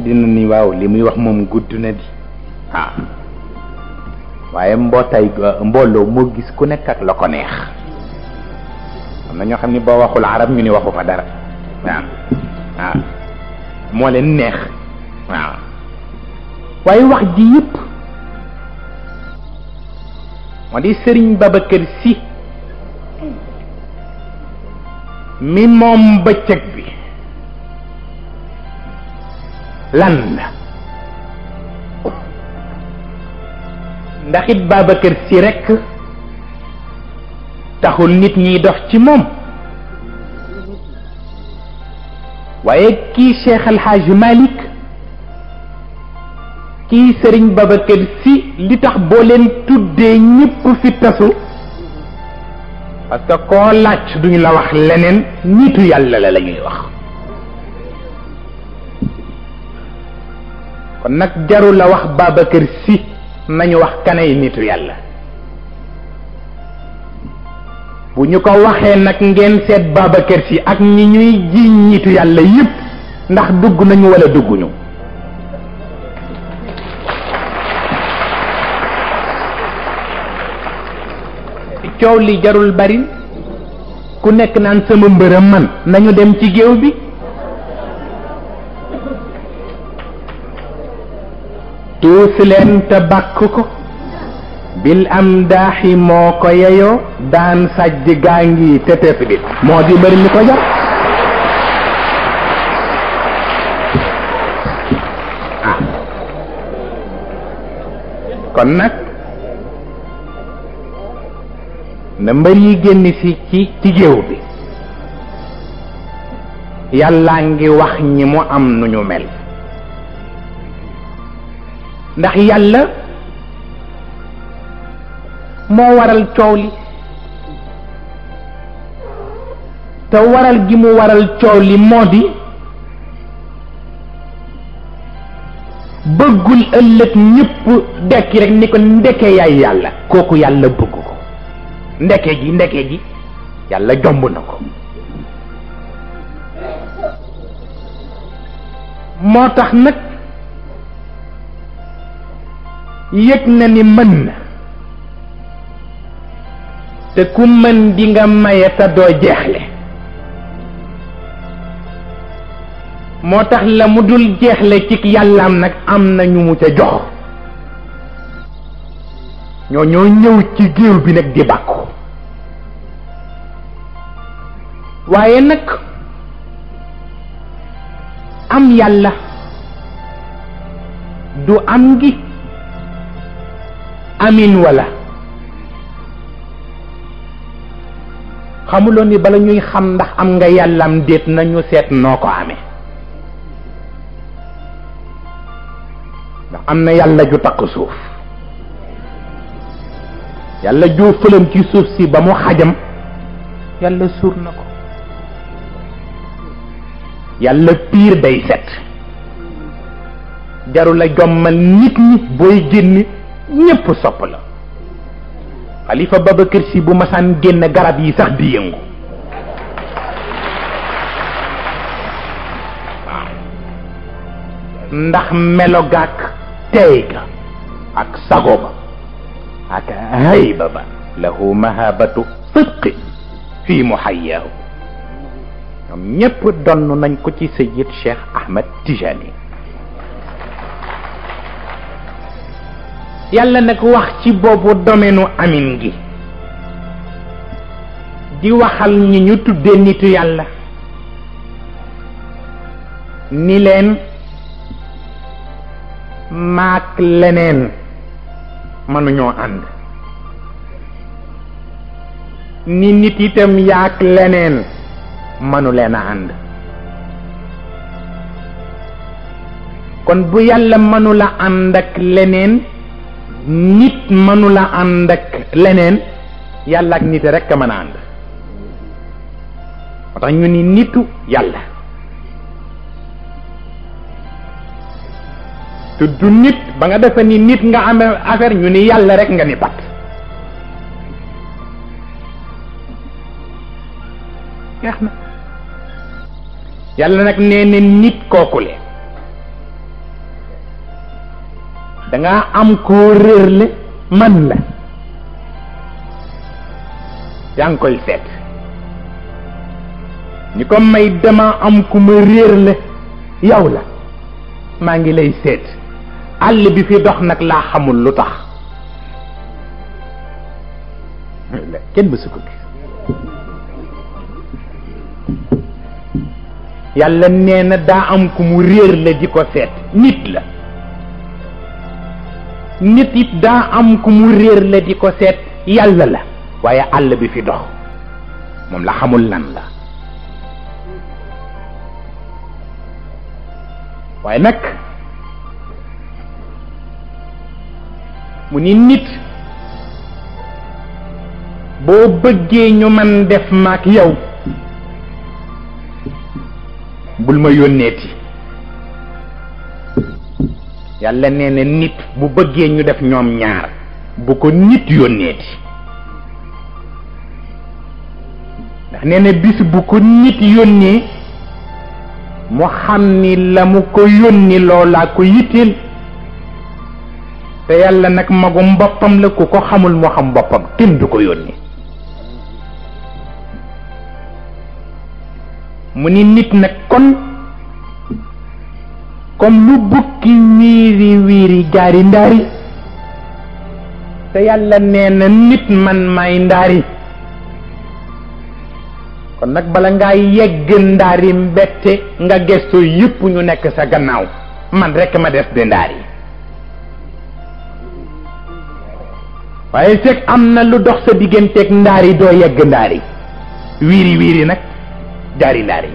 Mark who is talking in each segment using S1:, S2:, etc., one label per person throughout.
S1: dina ni waaw li muy wax moom gudd na di waaw waaye mbootaay euh, mbooloo moo gis ku nekk ak la ko neex am na ñoo xam ni boo waxul arab ñu ni waxu fa dara waaw waaw moo leen neex waaw waaye wax ji yëpp moo di sëriñ Babacar Si mi moom bëccëg bi lan la ndax it Babacar si rekk taxul nit ñiy dox ci moom waaye kii Cheikh El Hadj Malick kii Serigne Babacar si li tax boo leen tuddee ñëpp fi tasu parce que koo laaj duñu la wax leneen nitu yàlla la la ñuy wax kon nag jarula la wax Babacar si nañu wax kanay nitu yàlla bu ñu ko waxee nag ngeen seet Babacar si ak ñi ñuy jiiñ nitu yàlla yépp ndax dugg nañu wala dugguñu coow li jarul bari ku nekk naan sama mbërëm man nañu dem ci géew bi tuus leen te bàkk ko bil am daaxi moo ko yeyoo daan sàjj gaa ngi te moo di bëri li ko jar ah. kon nag na mbër yi génn si ci ci géew bi yàlla ngi wax ñi mu am nu mel ndax yàlla moo waral coow li te waral gi mu waral coow li moo di bëggul ëllëg ñëpp dekki rek ni ko ndeke yaay yàlla kooku yàlla bëgg ko ndeke ji ndeke ji yàlla jomb na ko moo tax nag yëg na ni mën na te ku mën di nga maye te doo jeexle moo tax la mu dul jeexle ci yàllaam nag am na ñu mu ca jox ñoo ñoo ñëw ci géew bi nag di bàkku waaye nag am yàlla du am gi amin wala xamuloo ni bala ñuy xam ndax am nga yàllam déet nañu seet noo ko amee ndax am na yàlla ju takk suuf yàlla joo fëlam ci suuf si ba mu xajam yàlla suur na ko yàlla piir day set jarul jommal nit ñi booy génn ñépp sopp la khalifa babakar Si bu masaan génn garab yi sax di yëngu waaw ndax melogaak tey ga ak sago ba ak hayba ba lahu mahabatu sidqi fi muhayyahu ñom ñépp donnu nañ ko ci sayyid Cheikh Ahmed Tijani yàlla na nag wax ci boobu domaine amin gi di waxal ñi ñu tuddee nitu yàlla ni leen maak leneen mënuñoo ànd ni nit itam yaak leneen mënu ànd kon bu yàlla mënula ànd ak leneen nit mënula ànd ak leneen yàlla ak nit rek a mën a ànd moo ñu ni nitu yàlla tudd nit ba nga defe ni nit nga amee affaire ñu ni yàlla rek nga ni pat yàlla nag nee na nit kookule dangaa am koo réerle man la yaa ngi koy seet ni ko may dama am ku ma réerle yow la maa ngi lay seet àll bi fi dox nag laa xamul lu tax kenn mësu ko yàlla nee na daa am ku mu réer di ko seet nit la nit it daa am ku mu réer la di ko seet yàlla la waaye àll bi fi dox moom la xamul lan la waaye nag mu ni nit boo bëggee ñu man def maak yow bul ma yónneeti yàlla nee na nit bu bëggee ñu def ñoom ñaar bu ko nit yónneeti ndax nee na bis bu ko nit yónnee mu xam ni la mu ko yónni loolaa ko yitteel te yàlla nag magum boppam la ku ko xamul moo xam boppam kenn du ko yónni mu ni nit nag kon comme lu bukki wiiri wiiri jaari ndaari te yàlla nee na nit man may ndaari kon nag bala ngaa yëg ndaari mbette nga gestu yëpp ñu nekk sa gannaaw man rekk ma des di ndaari waaye fekk am na lu dox sa digganteeg ndaari doo yegg ndaari wiiri wiiri nag jaari ndaari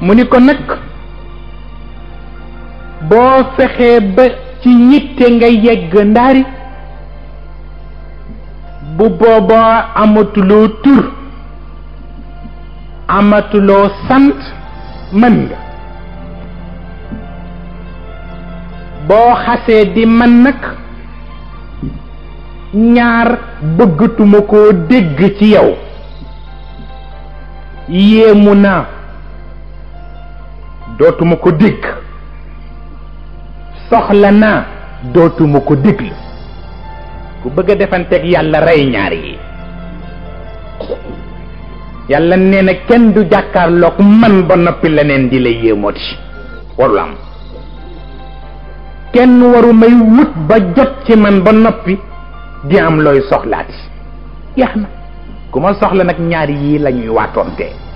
S1: mu ni ko nag boo fexee ba ci ñitte nga yegg ndaari bu boobaa amatuloo tur amatuloo sant mën nga boo xasee di mën nag ñaar bëggatuma koo dégg ci yow yéemu naa dootuma ko dégg soxla naa dootuma ko déglu ku bëgg a defanteeg yàlla rey ñaar yi yàlla nee na kenn du jàkkaarloog man ba noppi leneen di la yéemooti warul am kenn waru may wut ba jot ci man ba noppi di am looy soxlaati yeex na ku ma soxla nag ñaar yii lañuy ñuy waatoonte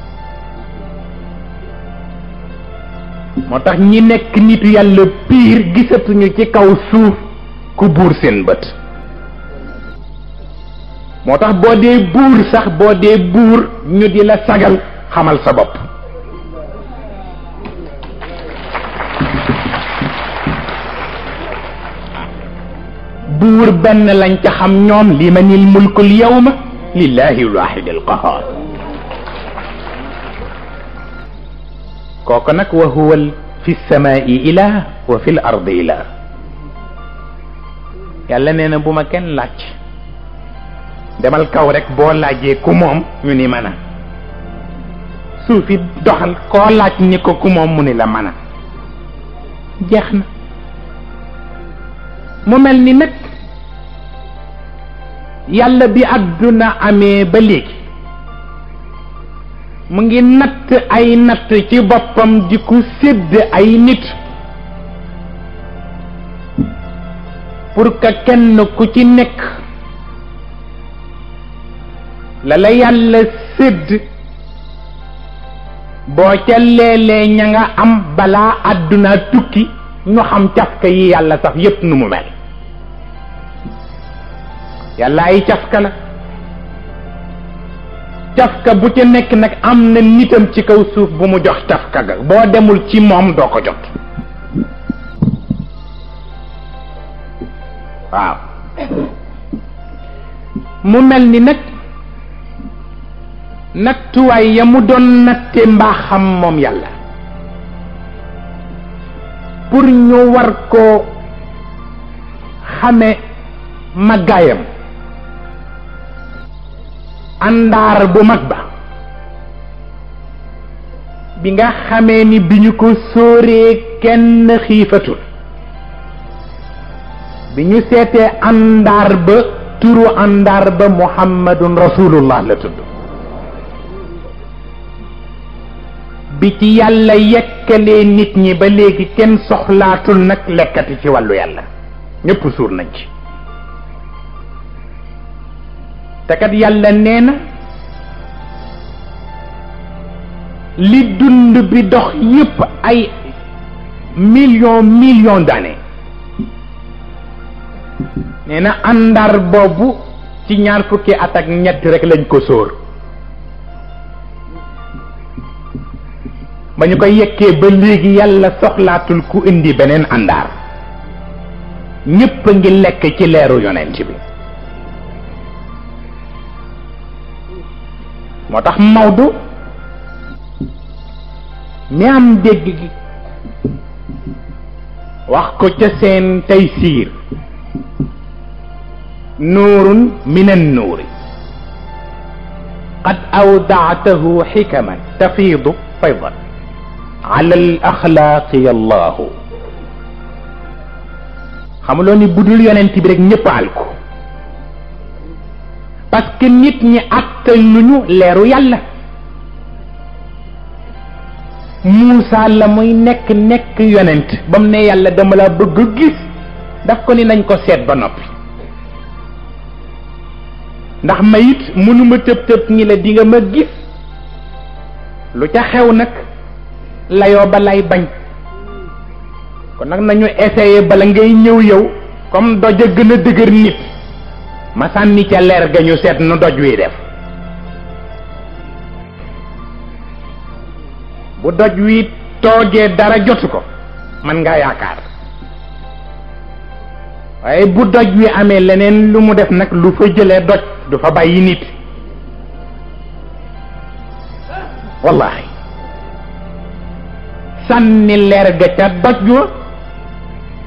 S1: moo tax ñi nekk nitu yàlla piir gisatuñu ci kaw suuf ku buur seen bët moo tax boo dee buur sax boo dee buur ñu di la sagal xamal sa bopp buur benn lañ ca xam ñoom limanil mulkul yawma lillahi alwahid alqahar كوكنك وهو في السماء إله وفي الأرض إله يلا نينا بوما كان لاتش دمال كاورك بو لاجي كوموم يوني مانا سوفي دخل كو لاتش نيكو كوموم مني لا مانا جيخنا مو ملني نك يلا بي ادونا امي بليكي mu ngi natt ay natt ci boppam di ku sédd ay nit pour que kenn ku ci nekk la la yàlla sédd boo ca léeg ña nga am balaa àdduna tukki ñu xam cafka yi yàlla sax yépp nu mu mel yàlla ay cafka la cafka bu ca nekk nag am na nitam ci kaw suuf bu mu jox cafka ga boo demul ci moom doo ko jot waaw mu mel ni nag nattuwaay ya mu doon natte mbaaxam moom yàlla pour ñu war koo xame màggaayam àndaar bu mag ba bi nga xamee ni bi ñu ko sóoree kenn xiifatul bi ñu seetee àndaar ba turu àndaar ba muhammadun rasulullah la tudd bi ci yàlla yekkalee nit ñi ba léegi kenn soxlaatul nag lekkati ci wàllu yàlla ñëpp suur nañ ci te yàlla nee na li dund bi dox yépp ay million million d'années nee na àndar boobu ci ñaar fukki at ak ñett rek lañ ko sóor ba ñu ko yekkee ba léegi yàlla soxlaatul ku indi beneen àndaar ñépp a ngi lekk ci leeru yonent bi moo tax Maodo mi am dégg gi wax ko ca seen tey siir nuurun min annuuri قد أودعته حكما تفيض فيضا على الأخلاق يا الله xamuloo ni budul yonent bi rek ñëpp al ko parce que nit ñi àttal luñu leeru yàlla Muusa la muy nekk nekk yonent ba mu ne yàlla dama la bëgg a gis daf ko ni nañ ko seet ba noppi ndax ma mënuma tëb tëb ñi la di nga ma gis lu ca xew nag layoo ba lay bañ kon nag nañu essayer bala ngay ñëw yow comme doj a gën a dëgër nit ma sànni ca leer ga ñu seet nu doj wi def bu doj wi toogee dara jotu ko man nga yaakaar waaye bu doj wi amee leneen lu mu def nag lu fa jëlee doj du fa bàyyi nit wallaahi sànni leer ga ca doj wa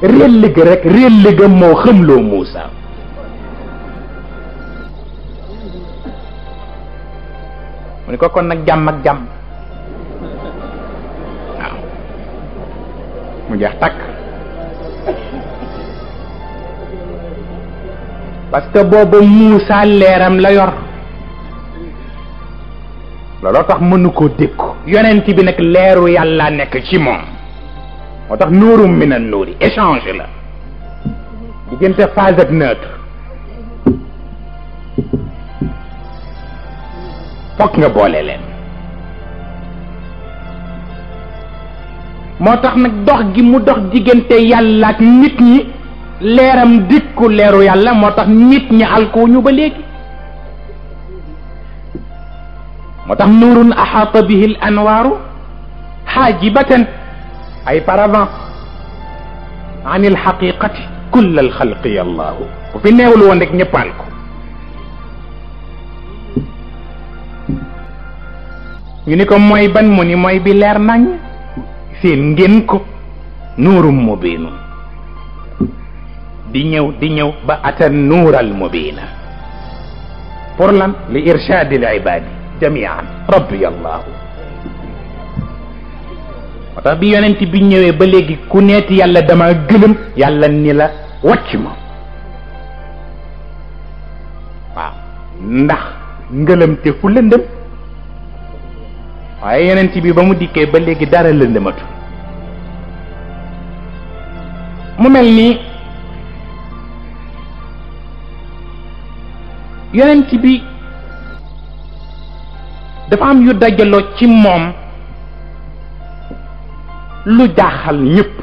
S1: réel ga rek réel ga moo xamloo Muusa mu ne ko kon nag jàmm ak jàmm waaw mu jeex takk parce que Muusa leeram la yor looloo tax mënu koo dékku yonent bi nag leeru yàlla nekk ci moom moo tax nuurum mi na nuuri échange la diggante phase ak neutre fokk nga boole leen moo tax nag dox gi mu dox diggante yàlla ak nit ñi leeram dikku leeru yàlla moo tax nit ñi alkuuñu ba léegi moo tax nuurun axaata bihi l anwaaru xaaji xaajibatan ay paravent an ilxaqiqati kull xalqi allahu bu fi neewul woon rek ñëppaan ko ñu ni ko mooy ban mu ni mooy bi leer nañ seen ngeen ko nuurum mubiinun di ñëw di ñëw ba ata nuural mubiina pour lan li irshadil ibadi jamian rabbi allahu moo tax bi yonent bi ñëwee ba léegi ku neet yàlla dama gëlëm yàlla ni la wàcc ma waaw ndax ngëlëm te fu lëndëm waaye yeneen ci bi ba mu dikkee ba léegi dara lëndëmatu mu mel nii yeneen ci bi dafa am yu dajaloo ci moom lu jaaxal ñépp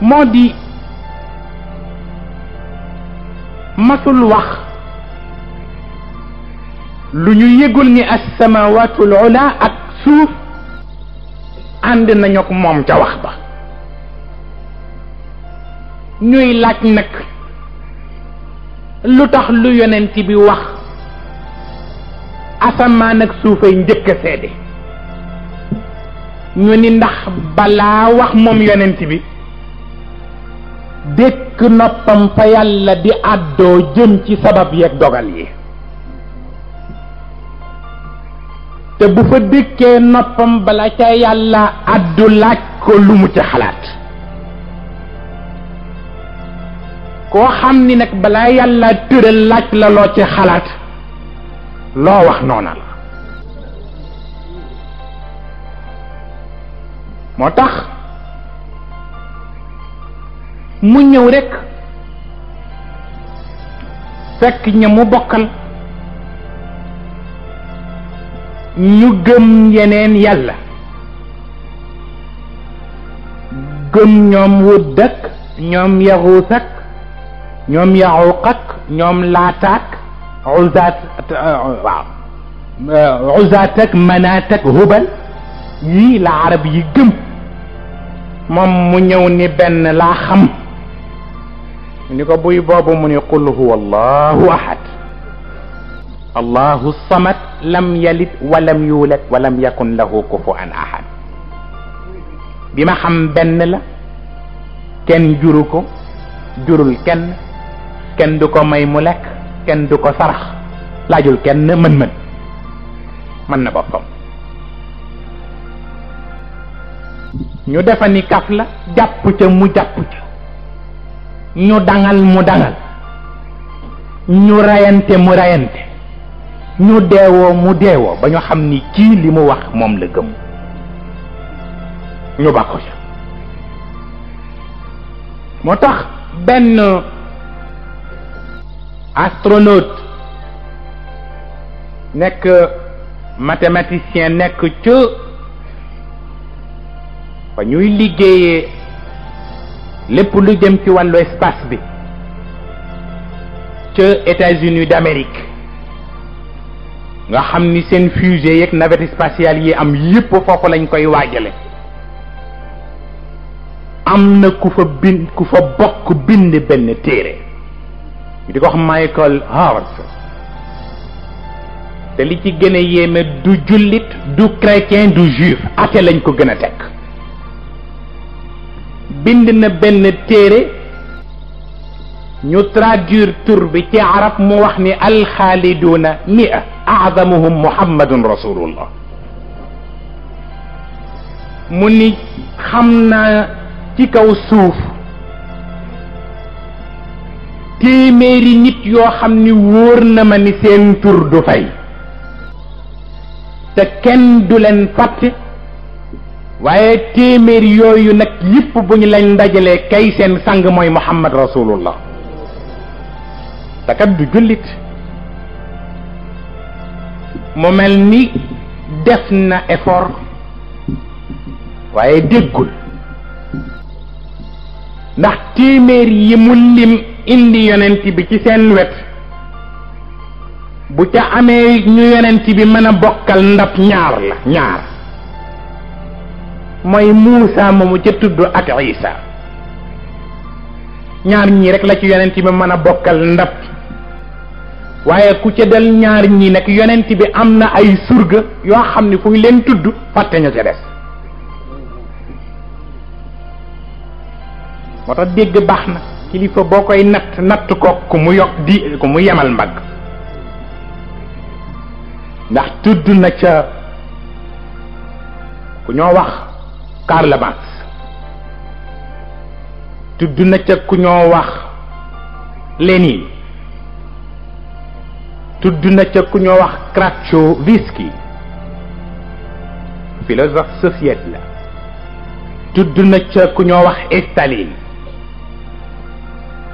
S1: moo di masul wax lu ñu yëgul ni assamawaatul ula ak suuf ànd nañu ko moom ca wax ba ñuy laaj nag lu tax lu yonent bi wax asamaan ak suufay njëkk a seede ñu ni ndax balaa wax moom yonent bi dékk noppam fa yàlla di àddoo jëm ci sabab yeeg dogal yi te bu fa dëkkee noppam bala ca yàlla addu laaj ko lu ci xalaat koo xam ni nag balaa yàlla tëral laaj la loo ci xalaat loo wax noona la moo tax mu ñëw rekk fekk ña mu bokkal ñu gëm yeneen yàlla gëm ñoom wudd ak ñoom yaxuus ak ñoom yaxuuq ak ñoom laataak uzaat waaw uzaat ak manaat ak hubal yii la arab yi gëm moom mu ñëw ni benn laa xam ni ko buy boobu mu ni qul huwa allahu ahad الله الصمد لم يلد ولم يولد ولم يكن له كفوا احد بما خم بن لا كن جوروكو جورول كن كن دوكو ماي مولك كن دوكو سارخ لا جول كن من من من بوكم ñu defani kaf la japp ca mu japp ca ñu dangal mu dangal ñu rayante mu rayante ñu deewoo mu deewoo ba ñu xam ni kii li mu wax moom la gëm ñu ba ca moo tax benn astronaute nekk mathématicien nekk ca fa ñuy liggéeyee lépp lu jëm ci wàllu espace bi ca États-Unis d'Amérique nga xam ni seen fusée yeeg navette spatiale yi am yépp foofu lañu koy waajale am na ku fa bind ku fa bokk bind benn téere di ko wax Michael Howard te li ci gën a yéeme du jullit du chrétien du juif ate lañ ko gën a teg bind na benn téere نتراجر تربي تعرف موحني الخالدون 100 أعظمهم محمد رسول الله مني خمنا تيكو سوف ميري نيت يو خمني وورنا مني سين تردو فاي تا تكن دولن فاتي waye téeméer yooyu nag yépp bu ñu lañ ndajalee kay seen sang mooy muhammad rasulullah te kat du mu mel ni def na effort waaye déggul ndax téeméer yi mu lim indi yonent bi ci seen wet bu ca amee ñu yonent bi mën a bokkal ndab ñaar la ñaar mooy Muusa moomu ca tudd ak Isa ñaar ñii rek la ci yonent bi mën bokkal ndab waaye ku ca dal ñaar ñi nag yonent bi am na ay surga yoo xam ne fu leen tudd fàtte ñu ca des dégg baax na kilifa boo koy natt natt ko ku mu yokk di ku mu yemal mbagg ndax tudd na ca ku ñoo wax Karl tudd na ca ku ñoo wax Lénine tudd na ca ku ñoo wax Kratchowski philosophe soviète la tudd na ca ku ñoo wax Staline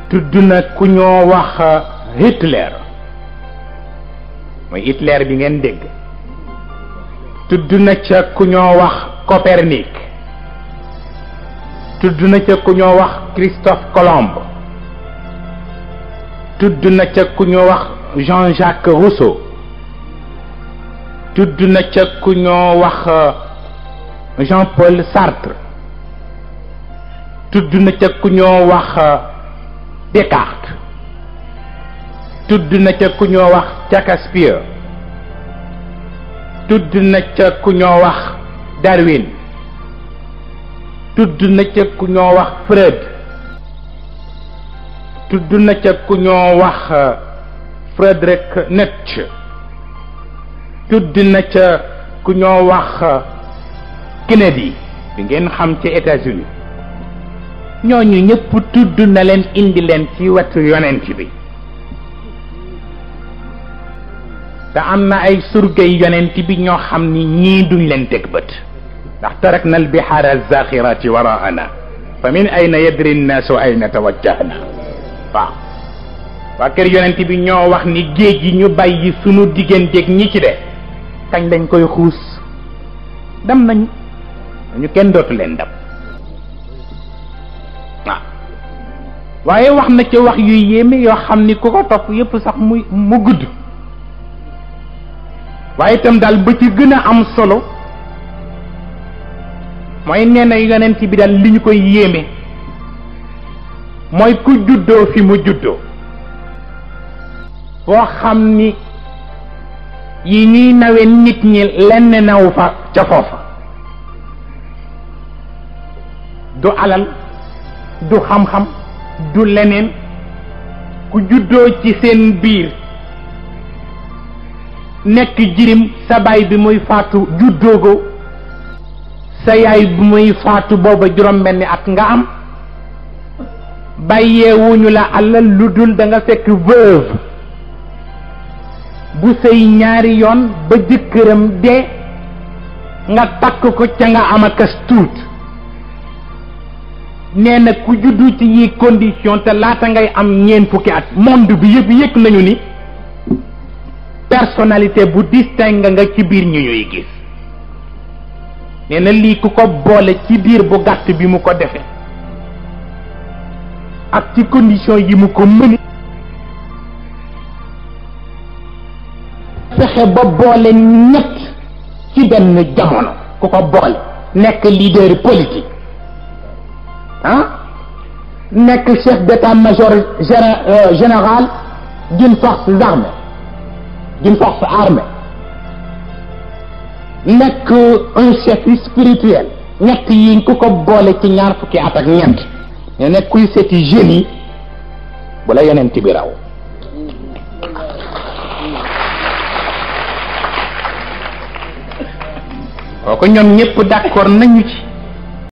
S1: tudd na ku ñoo wax uh, Hitler mooy Hitler bi ngeen dégg tudd na ca ku wax Copernic tudd na ca ku ñoo wax Christophe Colomb tudd na ca ku wax Jean-Jacques Rousseau Tout d'une ca ku wax Jean-Paul Sartre Tout d'une ca ku wax Descartes Tout na ca ku wax Shakespeare euh, d'une na ca ku wax Darwin Tout d'une ca ku wax Freud Tout na ca ku Friedrich Nietzsche tudd na ca ku ñoo wax Kennedy bi ngeen xam ci États-Unis ñooñu ñëpp tudd na leen indi leen ci wetu yonent bi te am na ay surgay yonent bi ñoo xam ni ñii duñ leen teg bët ndax na tarakna albihaara alzaxirati waraana fa min ayna yadri nnaasu ayna tawajjahna waaw wa kër yonent bi ñoo wax ni geej gi ñu suñu sunu ak ñi ci de tañ lañ koy xuus dam nañ ñu kenn dootu leen dab waaye wax na ci wax yu yéeme yoo xam ni ku ko topp yépp sax muy mu gudd waaye tam daal ba ci gën am solo mooy nee na yonent bi daal li ñu koy yéeme mooy ku juddoo fi mu juddoo foo xam ni yi ñuy nawe nit ñi lenn naw fa ca foofa du alal du xam-xam du leneen ku juddoo ci seen biir nekk jirim sa baay bi muy faatu juddoogo sa yaay bi muy faatu booba juróom-benni at nga am bàyyeewuñu la alal lu dul da nga fekk veuve bu sëy ñaari yoon ba jëkkëram de nga takk ko ca nga am akas tuut nee ku juddu ci yi condition te laata ngay am ñeent fukki at monde bi yëpp yëg nañu ni personnalité bu distingue nga ci biir ñu ñuy gis nee lii ku ko boole ci biir bu gàtt bi mu ko defee ak ci condition yi mu ko mën fexe ba boole ñett ci benn jamono ku ko boole nekk leader politique ah nekk chef d'état-major euh, général d'une force armée d'une force armée nekk un chef spirituel ñett yi ku ko boole ci ñaar fukki at ak ñeent ñu nekk kuy seeti génie bu la yeneen kooku ñoom ñëpp d'accord nañu ci